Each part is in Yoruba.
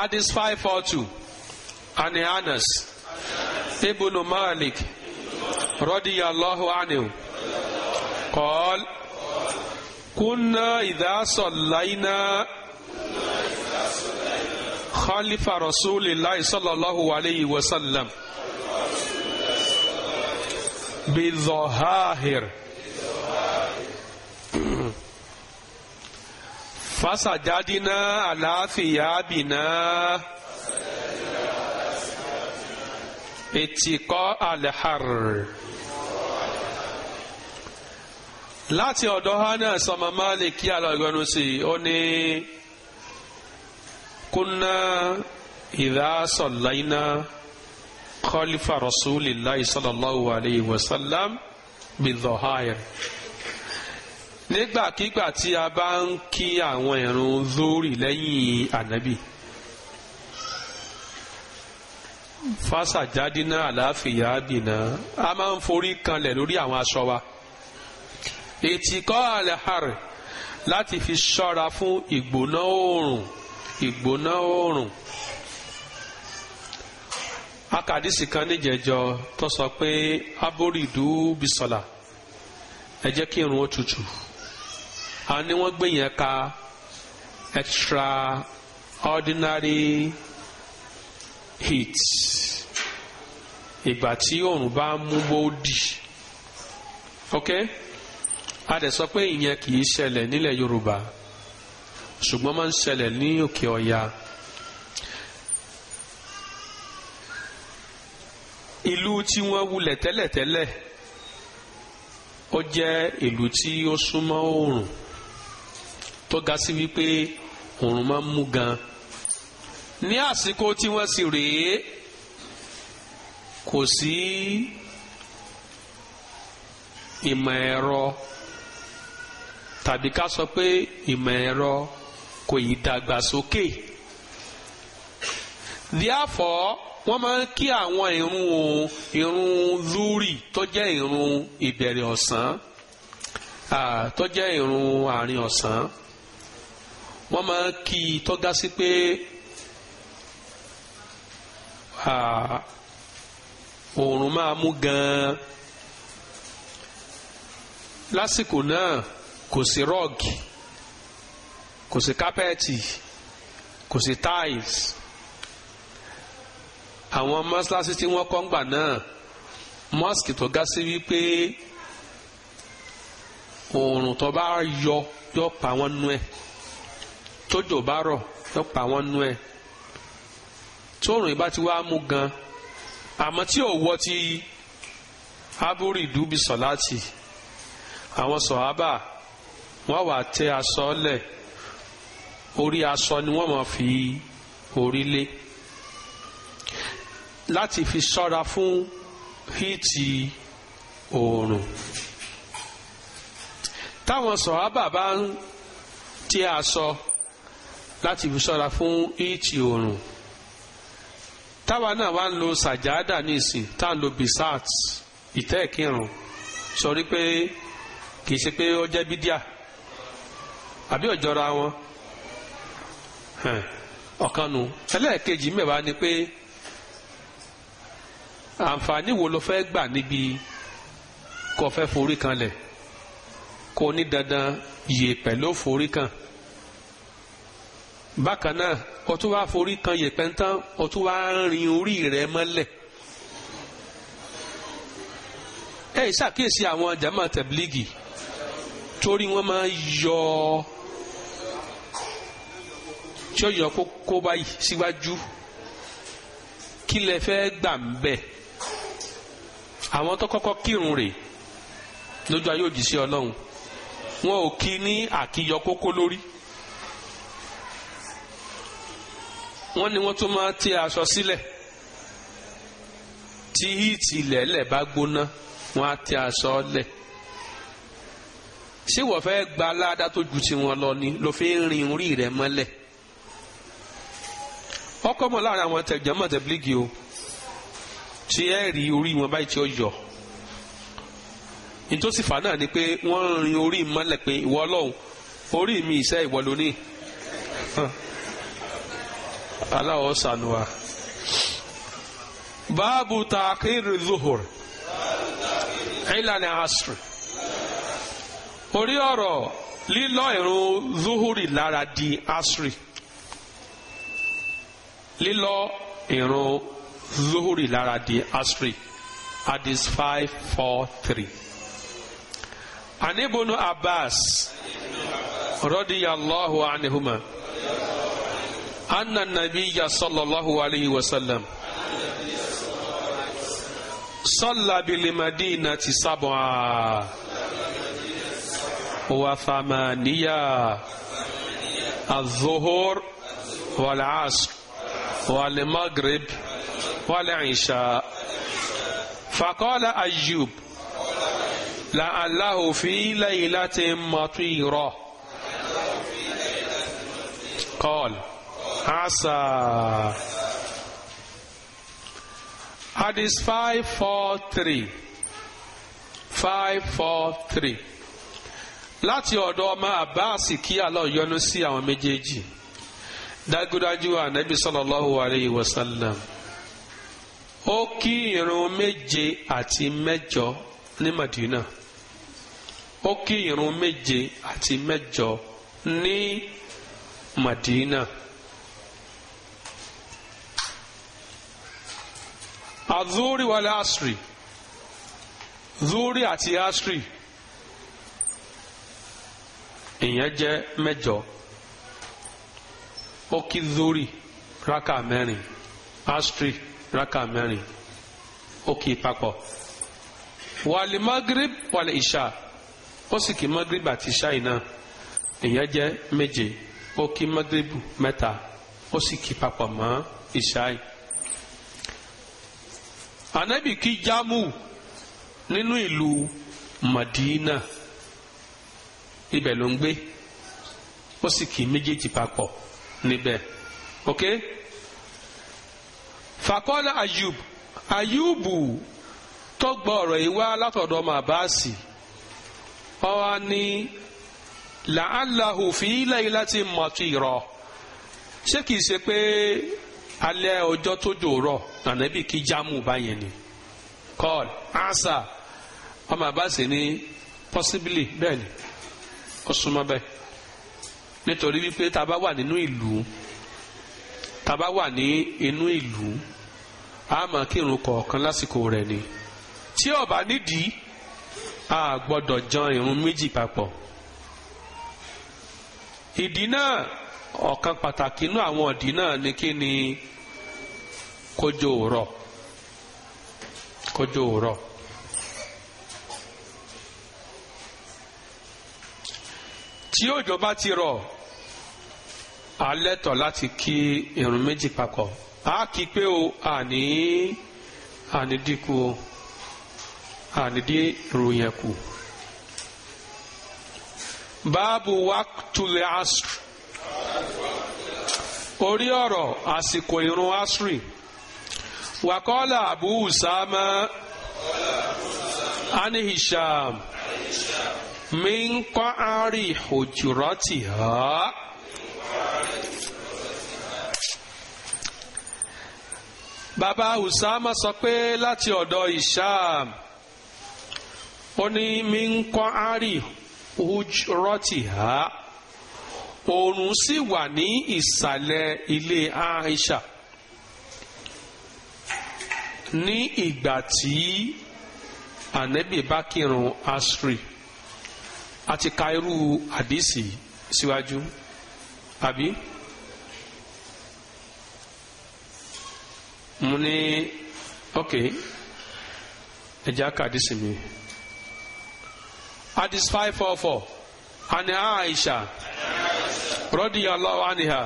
Hadith 542 عن أنس ابن مالك رضي الله عنه قال كنا إذا صلينا خلف رسول الله صلى الله عليه وسلم بالظهاهر فسجدنا على ثيابنا اتقاء الحر láti ọ̀dọ̀ hana sọmọ malik kí alágbẹnu sí i ó ní kúnná idha sallayna khalifa rasulillahi sallallahu alayhi wa sallam bidhahir nígbàkigbà tí a bá ń kí àwọn ìrun zórí lẹ́yìn ànábì fásàjádínà àláfíà àbìnà a máa ń forí kanlẹ̀ lórí àwọn aṣọ wa ètìkọ́ àlẹ́hàrẹ̀ láti fi ṣọ́ra fún ìgbóná oòrùn ìgbóná oòrùn akadisi kan níjẹjọ tó sọ pé aboridu bisola ẹ jẹ́ kí irun ó tutù àwọn ni wọ́n gbé yẹn ka extraordinary heat ìgbà tí oòrùn bá mú bóódì ok a dẹ̀ sọ pé ìyẹn kì í ṣẹlẹ̀ nílẹ̀ Yorùbá ṣùgbọ́n máa ń ṣẹlẹ̀ ní òkè ọya ìlú tí wọ́n wulẹ̀ tẹ́lẹ̀tẹ́lẹ̀ ó jẹ́ ìlú tí ó súnmọ́ oòrùn tó ga sí wípé òòrùn máa ń mú gan ní àsìkò tí wọ́n sì rèé kò sí ìmọ̀ ẹ̀rọ tàbí ká sọ pé ìmọ̀ ẹ̀rọ kò yí dàgbàsókè therefore wọ́n máa ń kí àwọn irun irun lúrì tó jẹ́ irun ìbẹ̀rẹ̀ ọ̀sán tó jẹ́ irun àárín ọ̀sán wọ́n máa ń kí i tọ́gá sí pé oòrùn máa mú gan-an lásìkò náà kò sí rọ́ọ̀gì kò sí kápẹ́ẹ̀tì kò sí tiles àwọn mọ́ṣáláṣí tí wọ́n kọ́ ń gbà náà mọ́ṣkì tó ga sí wípé oòrùn tó bá yọ yọ pa wọ́n nú ẹ̀ tójò bá rọ̀ yóò pa wọ́n nú ẹ̀ tóòrùn ìbá ti wá mú gan àmọ́ tí ò wọ́ ti ábúrì dúbi sọ̀láàtì àwọn sọ̀hábà wọ́n wà tẹ aṣọ lẹ̀ orí aṣọ ni wọ́n máa fi orí lé láti fi ṣọ́ra fún híìtì oòrùn táwọn sọ̀hábà bá ń tẹ aṣọ láti fi ṣọ́ra fún ìtì oòrùn táwa náà wá ń lo sàjáàdà ní ìsìn tá à ń lo bisat ìtẹ́ ìkírun sọrí pé kì í ṣe pé ó jẹ́ bídíà àbí ọ̀jọ́ra wọn ọ̀kan nu ẹlẹ́ẹ̀kejì mẹ́wàá ni pé àǹfààní wo ló fẹ́ gbà níbi kò fẹ́ forí kanlẹ̀ kò ní dandan yè pẹ̀lú forí kan bákan náà ó tún wá forí kan yẹ̀pẹ̀ tán ó tún wá rin orí rẹ̀ mọ́lẹ̀ ẹ ṣàkíyèsí àwọn jama tẹbílígì torí wọ́n máa yọ tí ó yọ kókó báyìí síwájú kí lẹ fẹ́ gbà ń bẹ̀ àwọn tó kọ́kọ́ kírun rè lójú ayé òjì sí Ọlọ́run wọn ò kí ní àkíyọ kókó lórí wọ́n ní wọ́n tún máa tẹ aṣọ sílẹ̀ tí híìtì lẹ́lẹ̀ bá gbóná wọ́n á tẹ aṣọ lẹ̀ ṣé wọ́n fẹ́ gba aláàdá tó ju tiwọn lọ ni ló fi rin orí rẹ̀ mọ́lẹ̀ ọkọ mọ láàrin àwọn tẹjọmọ tẹbílígì o tí ẹ rí orí wọn báyìí tí ó yọ nítòsí fà náà ni pé wọ́n rin orí mọ́lẹ̀ pé ìwọ Ọlọ́run orí mi ìṣe ìwọ lónìí aláwọ̀ sànùwà. báàbù tàkìrì zuhur ìlànà asr orí ọ̀rọ̀ lílọ ìrun zuhuri lára di asri lílọ ìrun zuhuri lára di asri hadith five four three. anibunu abbas radiyallahu anihuma. أن النبي صلى الله عليه وسلم صلى بالمدينة سبعا وثمانية الظهر والعصر والمغرب والعشاء فقال أيوب لعله في ليلة مطيرة قال Asa. Hadith 543. 543. Láti ọ̀dọ̀ ọmọ Abbas kí Allah yọ́nú sí àwọn méjèèjì. Dájúdájú ànábì sallallahu alayhi wa sallam. Ó kí irun méje àti mẹ́jọ ní Madina. Ó kí irun méje àti mẹ́jọ ní Madina. azuri wàlẹ̀ asri zuri àti asri ìyẹn jẹ́ mẹ́jọ ó zuri raka mẹ́rin asri raka mẹ́rin oki kí Wale magrib wale isha ó sì kí magrib àti isha yìí náà ìyẹn jẹ́ méje ó kí magrib mẹ́ta ó sì kí papọ̀ mọ́ isha yìí. anabi kí jámù nínú ìlú Madina ibẹ̀ ló ń gbé ó sì kí méjèèjì papọ̀ níbẹ̀ ok Fakola ayub ayubu tó gbọ́ ọ̀rọ̀ yìí wá látọ̀dọ̀ ọmọ àbáàsì ọ̀wá ní làálàhù fi ilẹ̀ ilẹ̀ ti mọ̀tì rọ̀ ṣé kìí ṣe pé. alẹ́ ọjọ́ tó jòrọ̀ ànábì kí jámù báyẹn ni call answer ọmọ àbáṣe ní possibly bẹ́ẹ̀ ni ó súnmọ́ bẹ́ẹ̀ nítorí wípé tá a bá wà nínú ìlú tá a bá wà ní inú ìlú a máa kírun kọ̀ọ̀kan lásìkò rẹ̀ ni tí ó bá nídìí a gbọ́dọ̀ jan irun méjì papọ̀ ìdí náà ọ̀kan pàtàkì inú àwọn ìdí náà ni kí ni kójó òrọ̀ kójó òrọ̀. tí òjò bá ti rọ̀ a lẹ́tọ̀ọ́ láti kí irun méjì papọ̀ a kí pé o àní àní dínkù o àní dín irun yẹn kù. báàbù waqtul asr orí ọ̀rọ̀ àsìkò irun asri. وقال أبو أسامة عن هشام من قعر حجرتها bàbá usama sọ pé láti ọ̀dọ̀ isham ó ní ha oòrùn sì wà ní ìsàlẹ̀ ilé aisha ní ìgbà tí ànẹ́bì bá kírun asri àti ka irú àdìsí síwájú àbí mo ní ok ẹ̀jẹ̀ aka àdìsí mi àdìsí five four four àni Aisha radiyallahu anha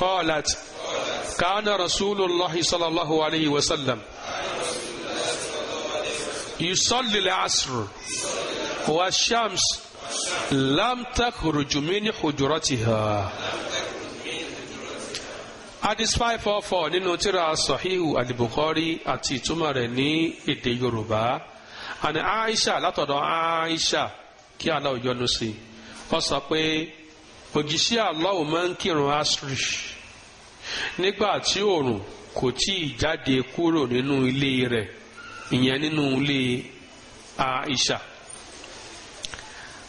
qalat. كان رسول الله صلى الله عليه وسلم يصلي العصر والشمس لم تخرج من حجرتها Hadis 544 nínú tírà Sahihu Al-Bukhari àti ìtumọ̀ rẹ̀ ní èdè Yorùbá. Àní Aisha látọ̀dọ̀ Aisha kí Allah yọ́nú sí. Ó sọ pé òjíṣẹ́ Allah máa ń kírun asri nígbà tí òòrùn kò tí ì jáde kúrò nínú ilé rẹ̀ ìyẹn nínú ilé Aisha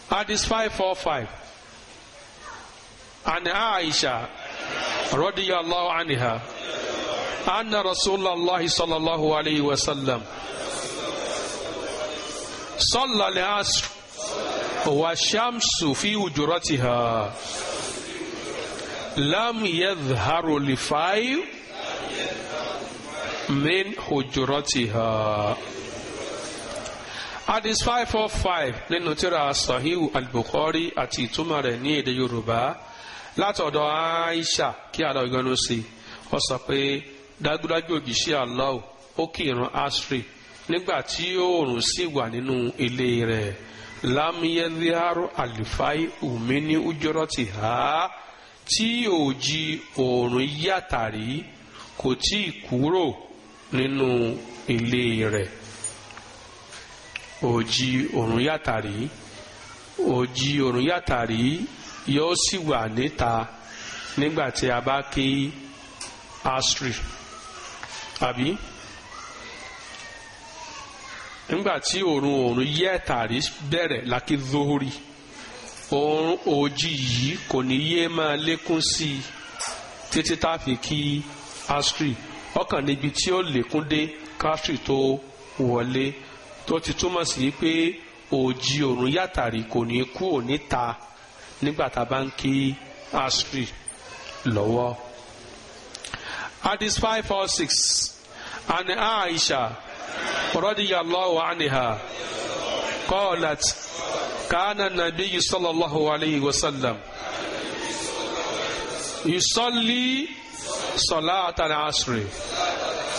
hadith five four five an Aisha radiyallahu anha anna rasulallah sallallahu alayhi wa sallam sallal asr wa shamsu fi ujuratiha. لم يظهر لفايل من حجرتها Hadis five four five nínú tírà Sahihu al-Bukhari àti ìtumọ̀ rẹ̀ ní èdè Yorùbá látọ̀dọ̀ Aisha kí ara ìgbẹ́nu sí i ó sọ pé dájúdájú òjìṣẹ́ Allah ó kì í ran asri nígbà tí oòrùn sì wà nínú ilé rẹ̀ lam yadhiharu alifai umini ujuratiha. tí òjì oòrùn yàtàrí kò tí ì kúrò nínú ilé rẹ̀ òjì oòrùn yàtàrí òjì oòrùn yàtàrí yóò sì wà níta nígbà tí a bá kí astri tàbí nígbà tí oòrùn oòrùn yàtàrí bẹ̀rẹ̀ lákì zohori. Like òun òjì yìí kò ní yé máa lékún sí i títí tá a fi kí asri ọkàn níbi tí ó lékún dé kásri tó wọlé tó ti túmọ̀ sí pé òjì òrùn yàtàrí kò ní kú òní ta nígbà tá a bá ń kí asri lọ́wọ́. Hadith five four six and Aisha radiyallahu anha qalat. كان النبي صلى الله عليه وسلم يصلي صلاة العصر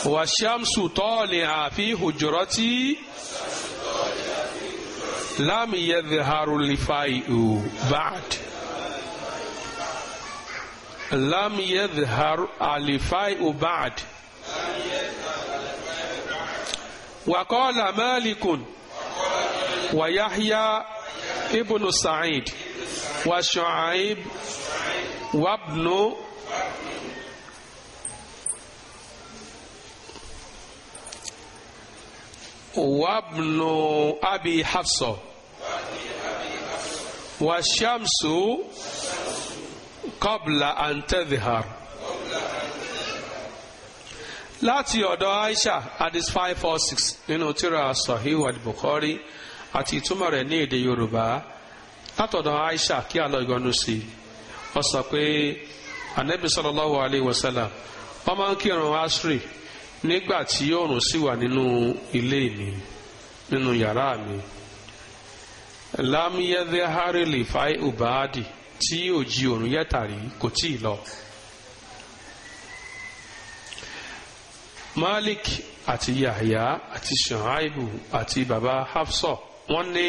والشمس طالعة في حجرتي لم يظهر الفيء بعد لم يظهر الفيء بعد وقال مالك ويحيى ibnu Sa'id wa Shu'aib wa ibnu وابن أبي حفصة والشمس قبل أن تظهر láti ọ̀dọ̀ Aisha hadith five four six nínú tírà Sahih al-Bukhari àti ìtumọ̀ rẹ̀ ní èdè Yorùbá látọ̀dọ̀ Aisha kí alọ́ ìgbọ́nú sí ọ sọ pé anabi sallallahu wa sallam wọ́n máa ń kírun asri nígbà tí oòrùn sì wà nínú ilé mi nínú yàrá mi lámúyẹ́dẹ́ hárẹ́lì fáì ọ̀báàdì tí òjì oòrùn yẹ́tàrí kò tí ì lọ. Malik àti Yahya àti Shu'aibu àti baba Hafsah wọ́n ní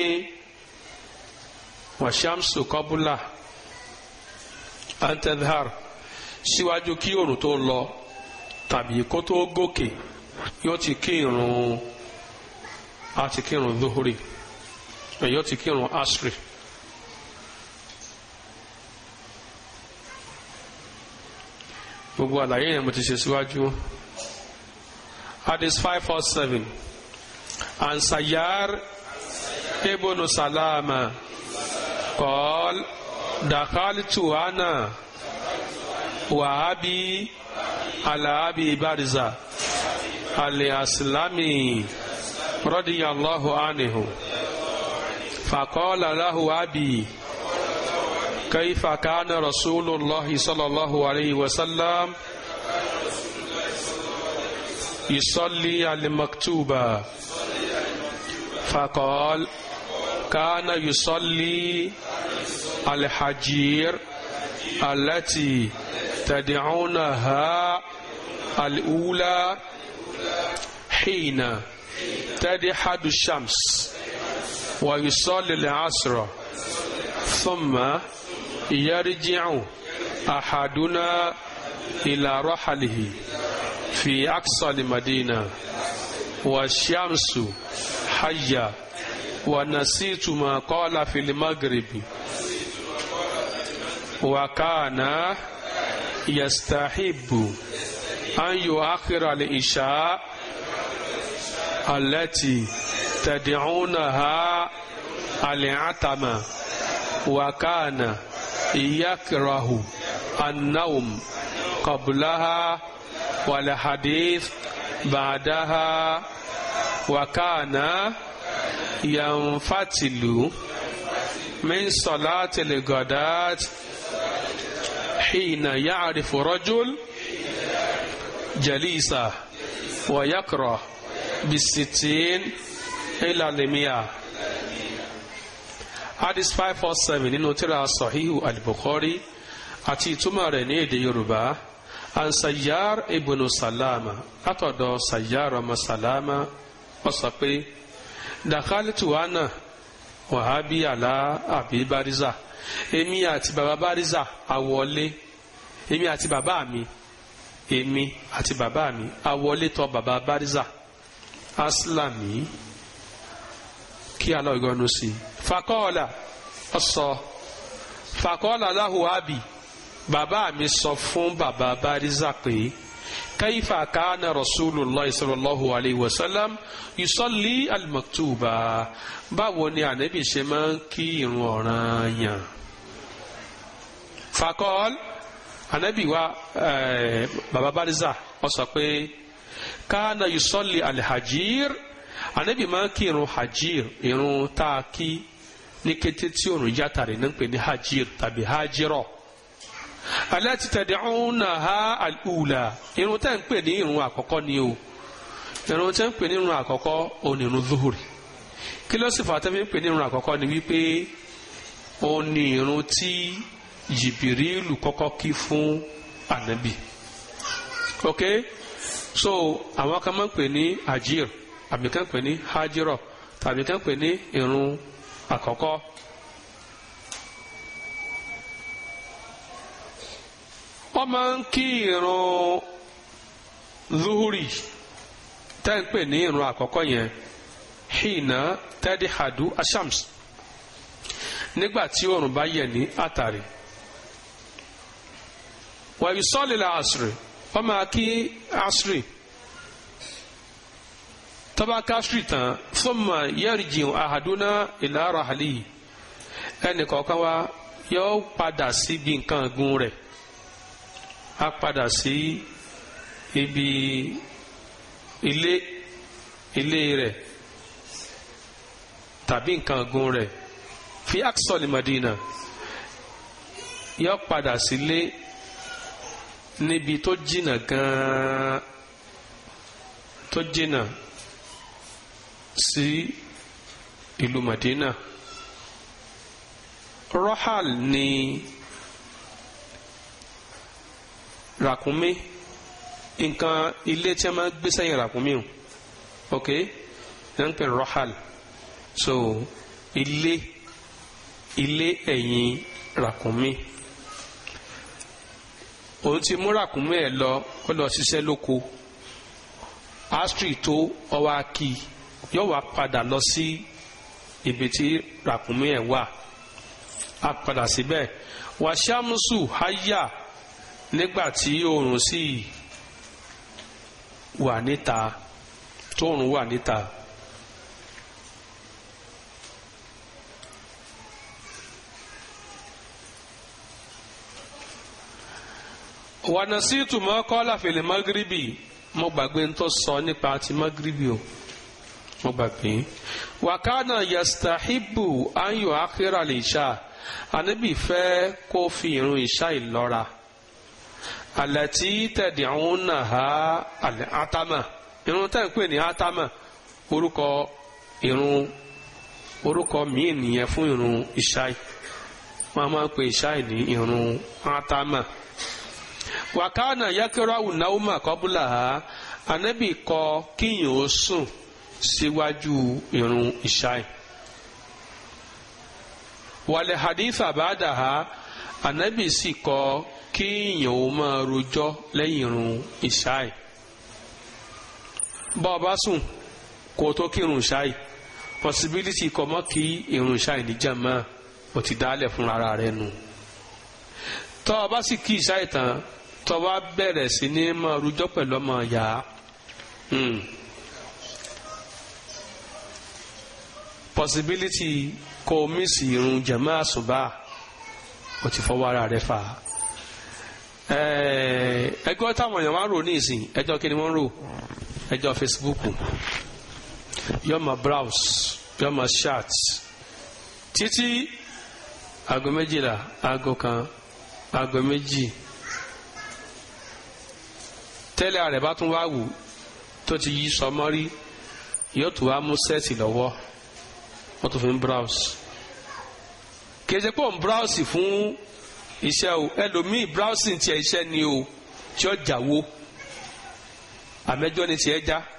wàṣàmsù kọ́búlà antedhar síwájú kí òòrùn tó lọ tàbí kó tó gòkè yóò ti kírun á ti kírun dóhórì yóò ti kírun asri. gbogbo àlàyé yẹn mo ti ṣe síwájú hadith five four oh seven ansayar. ابن سلامة قال دخلت أنا وأبي على أبي برزة الأسلمي رضي الله عنه فقال له أبي كيف كان رسول الله صلى الله عليه وسلم يصلي على المكتوبة فقال كان يصلي الحجير التي تدعونها الأولى حين تدحد الشمس ويصلي العصر ثم يرجع أحدنا إلى رحله في أقصى المدينة والشمس حية ونسيت ما قال في المغرب وكان يستحب أن يؤخر العشاء التي تدعونها العتمة وكان يكره النوم قبلها والحديث بعدها وكان ينفتل من صلاة الغداة حين يعرف رجل جليسة ويكره بالستين إلى المئة hadith five four seven nínú tírà sahihu al-bukhari àti ìtumọ̀ rẹ̀ ní èdè yorùbá an sayyar ibn salama látọ̀dọ̀ sayyar ọmọ salama ó sọ pé dakalitu ana wahabi ala abi bariza èmi àti baba bariza awọlé èmi àti bàbá mi èmi àti bàbá mi awọlé tọ̀ baba bariza asilami kí alọ ìgbọnu sí fakọọlà ọsọ fakọọlà láhùn abi bàbá mi sọ fún baba bariza pé kaifa kana rasulillah sallallahu alayhi wa sallam yusalli almaktuba báwo ni ànábì ṣe máa ń kí irun ọ̀ràn yàn. fakọ́l ànábì wa baba bariza wọ́n sọ pé kana yusalli alhajir ànábì máa ń kí irun hajir irun tá a kí ní kété tí òrùn yàtàrí ní pè ní hajir tàbí hajirọ̀. aláti na ha àlùlà irun tẹ́ ń pè ní irun àkọ́kọ́ ni o irun tẹ́ ń pè ní irun àkọ́kọ́ òun irun zuhuri kí ló sì fà tẹ́ fi ń pè ní irun àkọ́kọ́ ni wípé òun ti irun tí jìbìrìlù kọ́kọ́ kí fún ànábì ok so àwọn kan máa ń pè ní àjír àbí kan pè ní hajirọ tàbí kan pè ní irun àkọ́kọ́. wọ́n máa ń kí irun zuhuri tẹ́ ń pè ní irun àkọ́kọ́ yẹn hìnà tẹ́dí hadu ashams nígbà tí oòrùn bá yẹ̀ ní àtàrí wàyí sọ́ọ̀lì la àṣírí wọ́n máa kí àṣírí tọ́ba ká tán fúnma yẹ́rìjìn àhàdúná ìlà rahali ẹnì kọ̀ọ̀kan wa yóò padà síbi nǹkan gun rẹ̀ a padà sí ibi ilé ilé rẹ̀ tàbí nǹkan ọ̀gùn rẹ̀ fi aksọ̀lì Madina yọ padà sílé níbi tó jìnnà gan-an tó jìnnà sí ìlú Madina rohal ni ràkúnmí nǹkan ilé tí wọ́n máa gbé sẹ́yìn ràkúnmí o ok wọ́n ń pè so ilé ilé ẹ̀yìn ràkúnmí òun ti mú ràkúnmí ẹ̀ lọ ó lọ ṣiṣẹ́ lóko astri tó ọwọ́ akí yóò wá padà lọ sí ibi tí ràkúnmí ẹ̀ wà á padà síbẹ̀ wàṣámùsù háyà nígbà tí oòrùn sì wà níta tóòrùn wà níta. wànàsí tùmọ̀ kọ́lá fèlè magribi mo gbàgbé ń tó sọ nípa ti magribi o mo gbàgbé wàkánà yastahibu anyo akérà lè ṣá ànábì fẹ́ kó fi irun ìṣá ìlọ́ra. àlàtí tẹ̀díhùn náà ha atama irun tẹ̀ ń pè atama oruko irun oruko mi nìyẹn fun irun ìṣáì ma ma pe isai ni ìṣáì irun atama wàkánà yakirawu nauma kọbúlà ha anabi kọ kíyìn ó sùn síwájú irun isai wàlẹ̀ hadith àbáàdà ha anabi si kọ kéèyàn ó máa rojọ́ lẹ́yìn irun ìṣáì bá a sùn kó tó kí irun ìṣáì possibility kọ mọ́ kí irun ìṣáì ní jàmáà o ti dálẹ̀ fún ara rẹ nu tọ́ ọ sì kí ìṣáì tán tọ́ wa bẹ̀rẹ̀ sí ní máa rojọ́ pẹ̀lú ọmọ ìyá hmm. possibility kó o mísì irun jàmáà àsùbá o ti fọwọ́ ara rẹ fà á. Eh, ẹgbẹ́ táwọn èèyàn máa ń rò ní ìsìn ẹjọ́ kí ni wọ́n rò ẹjọ́ Facebook yóò browse yóò chat títí aago méjìlá aago kan aago méjì tẹ́lẹ̀ rẹ̀ bá tún wá wù tó ti yí sọmọ́rí yóò tún wá mú sẹ́ẹ̀tì lọ́wọ́ wọ́n tún fi ń browse kì í ṣe pé òun browse fún iṣẹ́ o ẹlòmíì browsing tiẹ̀ iṣẹ́ ni o tí ó jáwó àmẹ́jọ́ ni tiẹ̀ já. Ja